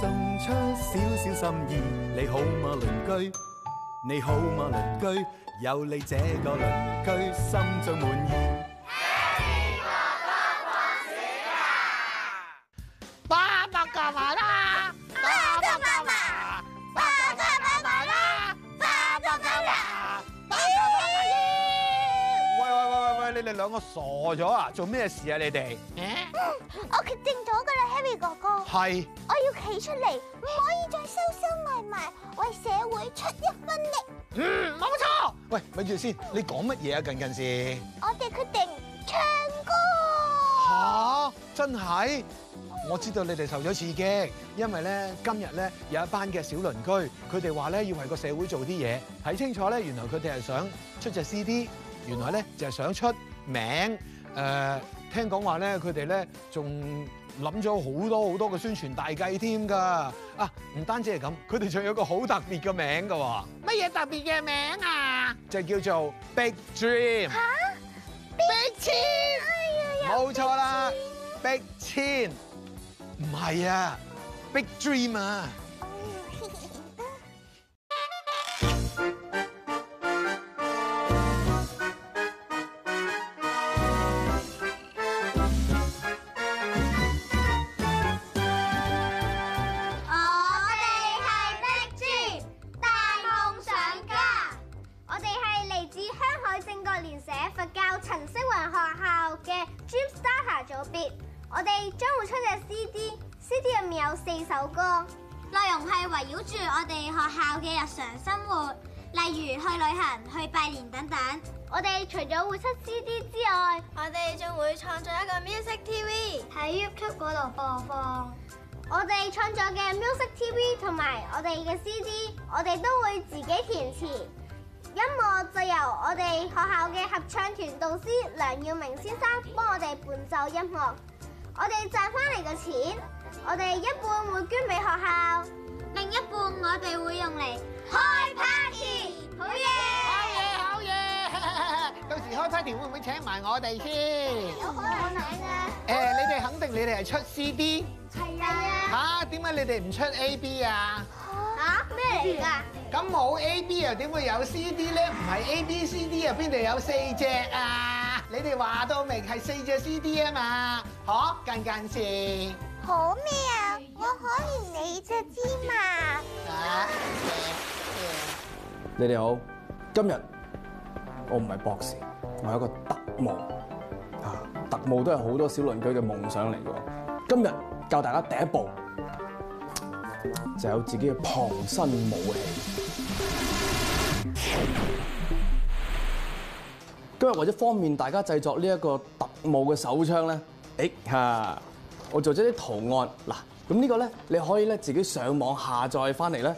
送出少少心意，你好嗎鄰居？你好嗎鄰居？有你這個鄰居，心中滿意。你兩個傻咗啊！做咩事啊？你哋、嗯、我決定咗噶啦，Henry 哥哥係，是我要企出嚟，唔可以再收收埋埋，為社會出一分力。嗯，冇錯。喂，咪住先，你講乜嘢啊？近近士，我哋決定唱歌。吓，啊，真係？嗯，我知道你哋受咗刺激，因為咧今日咧有一班嘅小鄰居，佢哋話咧要為個社會做啲嘢。睇清楚咧，原來佢哋係想出隻 CD，原來咧就係想出。名誒、呃、聽講話咧，佢哋咧仲諗咗好多好多嘅宣傳大計添㗎啊！唔單止係咁，佢哋仲有個好特別嘅名㗎喎。乜嘢特別嘅名啊？就叫做 Big Dream。嚇、啊！Big 冇錯啦，Big Dream 唔係啊，Big Dream 啊。 有四首歌，內容係圍繞住我哋學校嘅日常生活，例如去旅行、去拜年等等。我哋除咗會出 CD 之外，我哋仲會創作一個 Music TV 喺 YouTube 嗰度播放。我哋創作嘅 Music TV 同埋我哋嘅 CD，我哋都會自己填詞，音樂就由我哋學校嘅合唱團導師梁耀明先生幫我哋伴奏音樂。我哋賺翻嚟嘅錢，我哋一半會捐俾學校，另一半我哋會用嚟開 party。好嘢！好嘢！好嘢！到時開 party 會唔會請埋我哋先？有可能啦。誒，你哋肯定你哋係出 C D。係啊。吓，點解你哋唔出 A B 啊？吓，咩嚟噶？咁冇 A B 又點會有 C D 咧？唔係 A B C D 啊，邊度有四隻啊？.你哋話到明係四隻 CD 啊嘛，好，更近視？好咩啊？我可以你隻芝麻？啊？你哋好，今日我唔係博士，我係一個特務。啊，特務都係好多小鄰居嘅夢想嚟嘅。今日教大家第一步，就有自己嘅旁身武器。今日為咗方便大家製作呢一個特務嘅手槍咧，誒嚇，我做咗啲圖案嗱，咁呢個咧你可以咧自己上網下載翻嚟咧，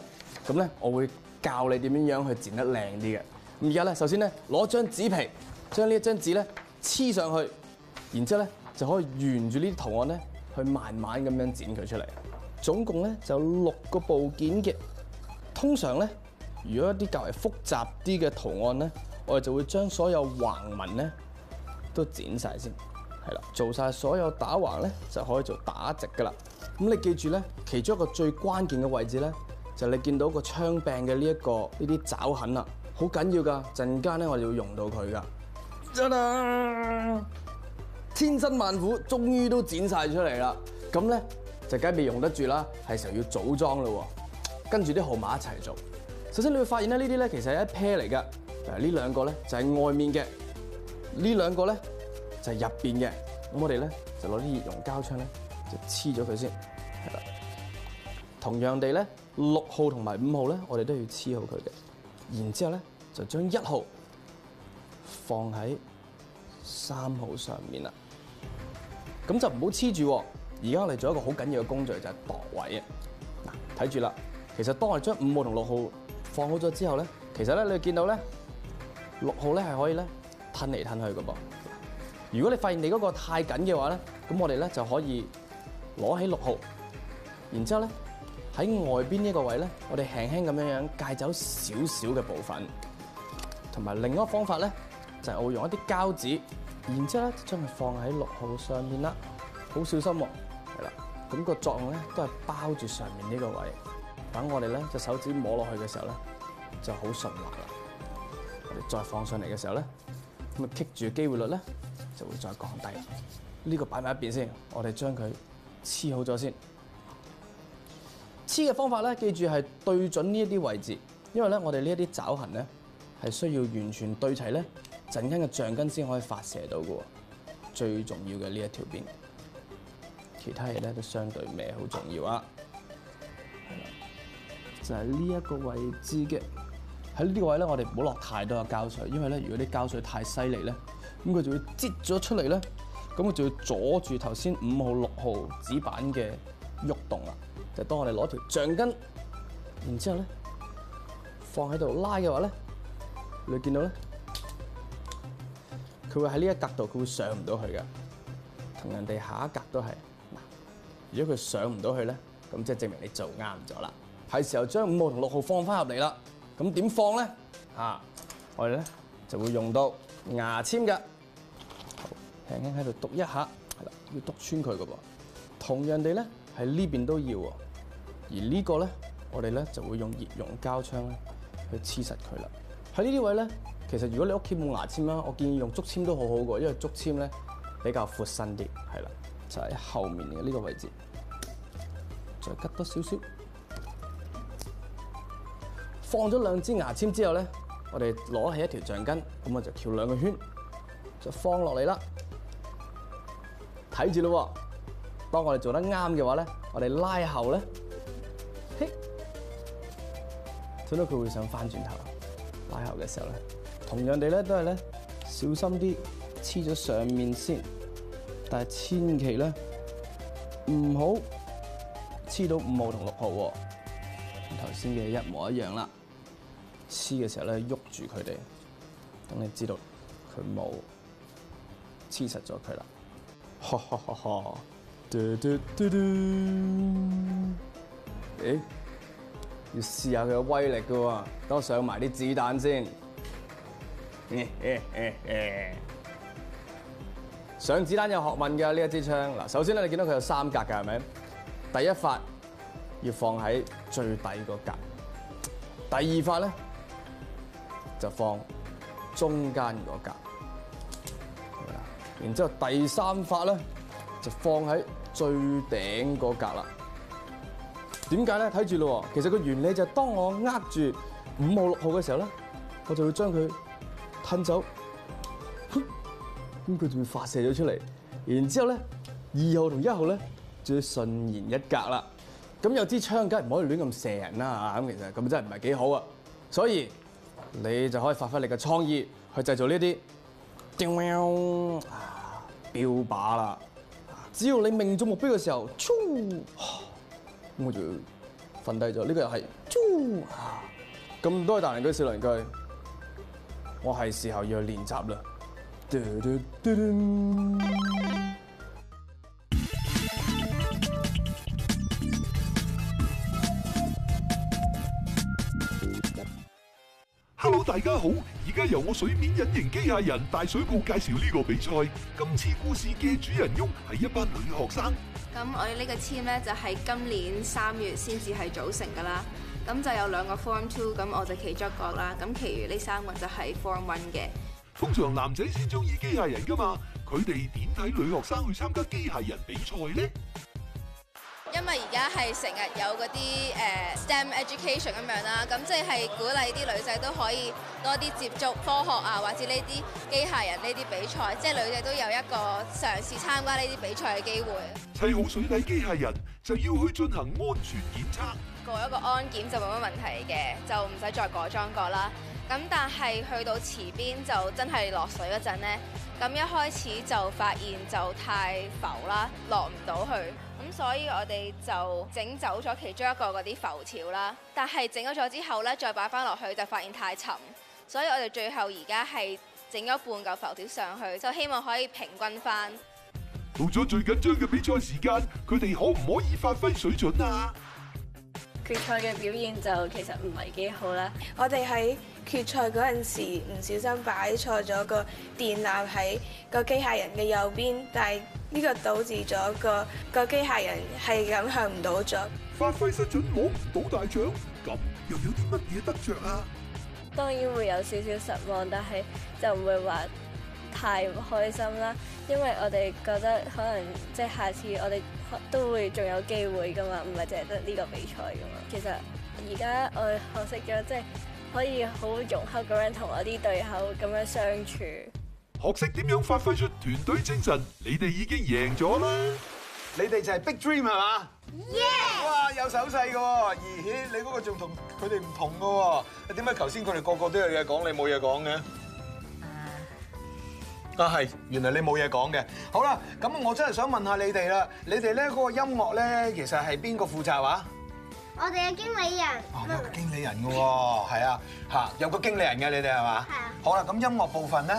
咁咧我會教你點樣樣去剪得靚啲嘅。咁而家咧，首先咧攞張紙皮，將呢一張紙咧黐上去，然之後咧就可以沿住呢啲圖案咧去慢慢咁樣剪佢出嚟。總共咧就六個部件嘅。通常咧，如果一啲較為複雜啲嘅圖案咧，我哋就會將所有橫紋咧都剪晒先，係啦，做晒所有打橫咧，就可以做打直噶啦。咁你記住咧，其中一個最關鍵嘅位置咧，就係、是、你見到個槍柄嘅呢一個呢啲、這個、爪痕啦、啊，好緊要㗎。陣間咧，我就要用到佢㗎。真啊！千辛萬苦，終於都剪晒出嚟啦。咁咧就梗未用得住啦，係時候要組裝咯。跟住啲號碼一齊做。首先，你會發現咧，這些呢啲咧其實係一 pair 嚟㗎。誒呢兩個咧就係外面嘅，呢兩個咧就係入邊嘅。咁我哋咧就攞啲熱熔膠槍咧就黐咗佢先，係啦。同樣地咧，六號同埋五號咧，我哋都要黐好佢嘅。然之後咧就將一號放喺三號上面啦。咁就唔好黐住。而家我哋做一個好緊要嘅工序就係度位嘅。嗱，睇住啦。其實當我哋將五號同六號放好咗之後咧，其實咧你見到咧。六號咧係可以咧褪嚟褪去嘅噃。如果你發現你嗰個太緊嘅話咧，咁我哋咧就可以攞起六號，然之後咧喺外邊呢一個位咧，我哋輕輕咁樣樣鎅走少少嘅部分。同埋另一個方法咧，就係、是、我用一啲膠紙，然之後咧將佢放喺六號上面啦，好小心喎、啊。係啦，咁、那個作用咧都係包住上面呢個位，等我哋咧隻手指摸落去嘅時候咧就好順滑啦。再放上嚟嘅時候咧，咁啊棘住嘅機會率咧就會再降低。呢個擺埋一邊先，我哋將佢黐好咗先。黐嘅方法咧，記住係對準呢一啲位置，因為咧我哋呢一啲爪痕咧係需要完全對齊咧，陣間嘅橡筋先可以發射到嘅。最重要嘅呢一條邊，其他嘢咧都相對咩好重要啊，就係呢一個位置嘅。喺呢啲位咧，我哋唔好落太多嘅膠水，因為咧，如果啲膠水太犀利咧，咁佢就會擠咗出嚟咧，咁佢就會阻住頭先五號、六號紙板嘅喐動喇！就當我哋攞條橡筋，然之後咧放喺度拉嘅話咧，你見到咧，佢會喺呢一格度，佢會上唔到去嘅，同人哋下一格都係。如果佢上唔到去咧，咁即係證明你做啱咗啦。係時候將五號同六號放翻入嚟啦。咁點放咧？嚇，我哋咧就會用到牙籤嘅，輕輕喺度篤一下，係啦，要篤穿佢嘅噃。同樣地咧，喺呢邊都要喎。而呢個咧，我哋咧就會用熱熔膠槍咧去黐實佢啦。喺呢啲位咧，其實如果你屋企冇牙籤啦，我建議用竹籤都好好嘅，因為竹籤咧比較闊身啲，係啦，就喺後面嘅呢個位置，再急多少少。放咗兩支牙籤之後咧，我哋攞起一條橡筋，咁我就翹兩個圈，就放落嚟啦。睇住咯，當我哋做得啱嘅話咧，我哋拉後咧，嘿，睇到佢會想翻轉頭。拉後嘅時候咧，同樣地咧都係咧小心啲，黐咗上面先，但係千祈咧唔好黐到五號同六號，同頭先嘅一模一樣啦。黐嘅時候咧，喐住佢哋，等你知道佢冇黐實咗佢啦。哈哈哈！要試下佢嘅威力㗎，等我上埋啲子彈先，嗯嗯嗯嗯。上子彈有學問㗎。呢一支槍嗱，首先咧，你見到佢有三格㗎，係咪？第一發要放喺最底個格，第二發咧。就放中間嗰格，然之後第三發咧就放喺最頂嗰格啦。點解咧？睇住咯，其實個原理就係當我握住五號六號嘅時候咧，我就會將佢吞走，咁佢就會發射咗出嚟。然之後咧，二號同一號咧就要順延一格啦。咁有支槍梗係唔可以亂咁射人啦嚇，咁其實咁真係唔係幾好啊。所以你就可以發揮你嘅創意去製造呢啲標靶啦！只要你命中目標嘅時候，咁我就瞓低咗。呢個又係咁多大鄰居小鄰居，我係時候要去練習啦。大家好，而家由我水面隱形機械人大水布介紹呢個比賽。今次故事嘅主人翁係一班女學生。咁我哋呢個 team 咧就係今年三月先至係組成噶啦，咁就有兩個 form two，咁我就企咗角啦，咁其餘呢三個就係 form one 嘅。通常男仔先中意機械人噶嘛，佢哋點睇女學生去參加機械人比賽咧？因為而家係成日有嗰啲 STEM education 咁樣啦，咁即係鼓勵啲女仔都可以多啲接觸科學啊，或者呢啲機械人呢啲比賽，即係女仔都有一個嘗試參加呢啲比賽嘅機會。砌好水底機械人就要去進行安全檢測。過一個安檢就冇乜問題嘅，就唔使再改裝過啦。咁但係去到池邊就真係落水嗰陣呢，咁一開始就發現就太浮啦，落唔到去。所以我哋就整走咗其中一個嗰啲浮條啦，但係整咗之後咧，再擺翻落去就發現太沉，所以我哋最後而家係整咗半嚿浮條上去，就希望可以平均翻。到咗最緊張嘅比賽時間，佢哋可唔可以發揮水準啊？決賽嘅表現就其實唔係幾好啦，我哋喺。決賽嗰陣時唔小心擺錯咗個電纜喺個機械人嘅右邊，但係呢個導致咗個個機械人係咁向唔到著。發揮失準攞唔到大獎，咁又有啲乜嘢得着啊？當然會有少少失望，但係就唔會話太開心啦，因為我哋覺得可能即係下次我哋都會仲有機會噶嘛，唔係淨係得呢個比賽噶嘛。其實而家我學識咗即係。可以好融洽咁樣同我啲對口咁樣相處。學識點樣發揮出團隊精神，你哋已經贏咗啦！你哋就係 Big Dream 係嘛？Yes！哇，有手勢嘅，咦，你嗰個仲同佢哋唔同嘅。點解頭先佢哋個個都有嘢講，你冇嘢講嘅？啊，啊係，原來你冇嘢講嘅。好啦，咁我真係想問下你哋啦，你哋咧嗰個音樂咧，其實係邊個負責啊？我哋嘅經理人，哦，經理人嘅喎，係啊，吓，有個經理人嘅你哋係嘛？係啊。好啦，咁音樂部分咧，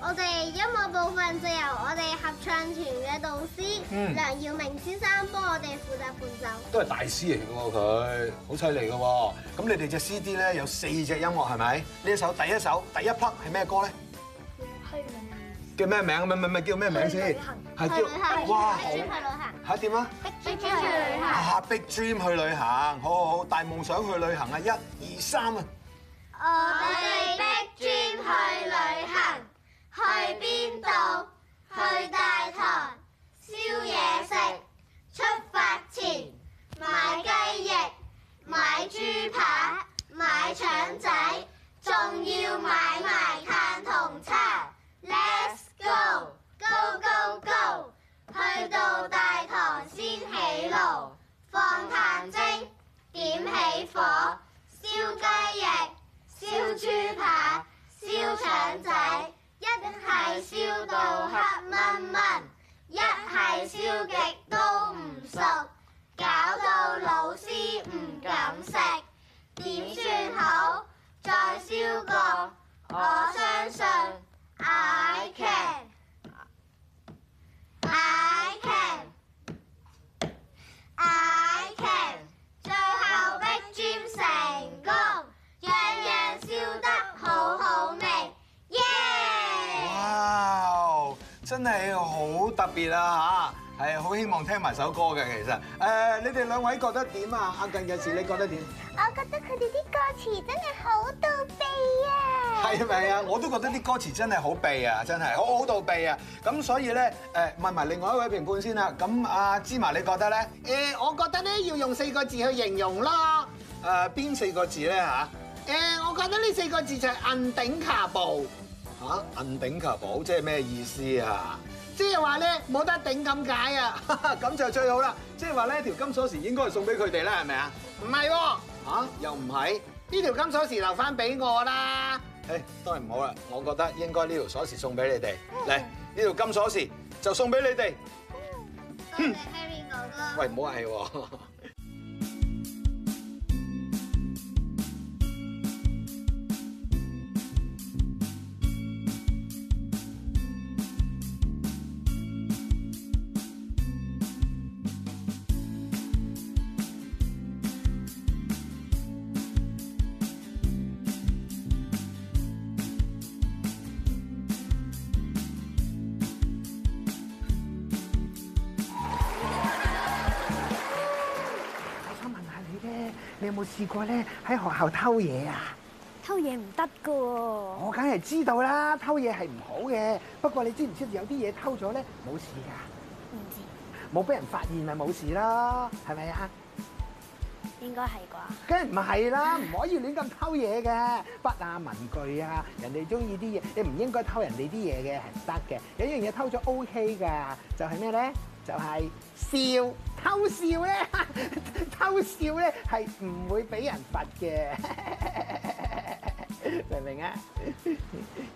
我哋音樂部分就由我哋合唱團嘅導師梁耀明先生幫我哋負責伴奏，都係大師嚟嘅喎，佢好犀利嘅喎。咁你哋隻 CD 咧有四隻音樂係咪？呢一首，第一首，第一 part 係咩歌咧？叫咩名？叫咩名？咩咩咩叫咩名先？係叫我校。睇點啊！啊 Big,，Big Dream 去旅行，好好好，大夢想去旅行啊！一二三啊！我哋 Big Dream 去旅行，去邊度？去大棠燒嘢食，出發前買雞翼、買豬扒、買腸仔，仲要買埋炭同叉。Let's 燒到黑蚊蚊，一係燒極都唔熟，搞到老師唔敢食，點算好？再燒過，我相信。係好希望聽埋首歌嘅，其實誒，你哋兩位覺得點啊？阿近日事，你覺得點？我覺得佢哋啲歌詞真係好到痹啊！係咪啊？我都覺得啲歌詞真係好痹啊，真係好好到痹啊！咁所以咧誒，問埋另外一位評判先啦。咁阿芝麻，你覺得咧？誒，我覺得咧要用四個字去形容咯。誒，邊四個字咧嚇？誒，我覺得呢四個字就係銀頂卡布。嚇，銀頂卡布即係咩意思啊？即係話咧，冇得頂咁解啊！咁就最好啦。即係話咧，呢條金鎖匙應該係送俾佢哋啦，係咪啊？唔係喎，吓又唔係？呢條金鎖匙留翻俾我啦。誒，當然唔好啦，我覺得應該呢條鎖匙送俾你哋。嚟呢條金鎖匙就送俾你哋，送俾 Harry 哥哥。喂，唔好係喎。有冇試過咧，喺學校偷嘢啊？偷嘢唔得噶我梗係知道啦，偷嘢係唔好嘅。不過你知唔知有啲嘢偷咗咧冇事噶唔知。冇俾人發現咪冇事咯？係咪啊？應該係啩？梗唔係啦，唔可以亂咁偷嘢嘅，筆啊、文具啊，人哋中意啲嘢，你唔應該偷人哋啲嘢嘅，係唔得嘅。有樣嘢偷咗 OK 噶就係咩咧？就係笑，偷笑咧，偷笑咧，係唔會俾人罰嘅，明唔明啊？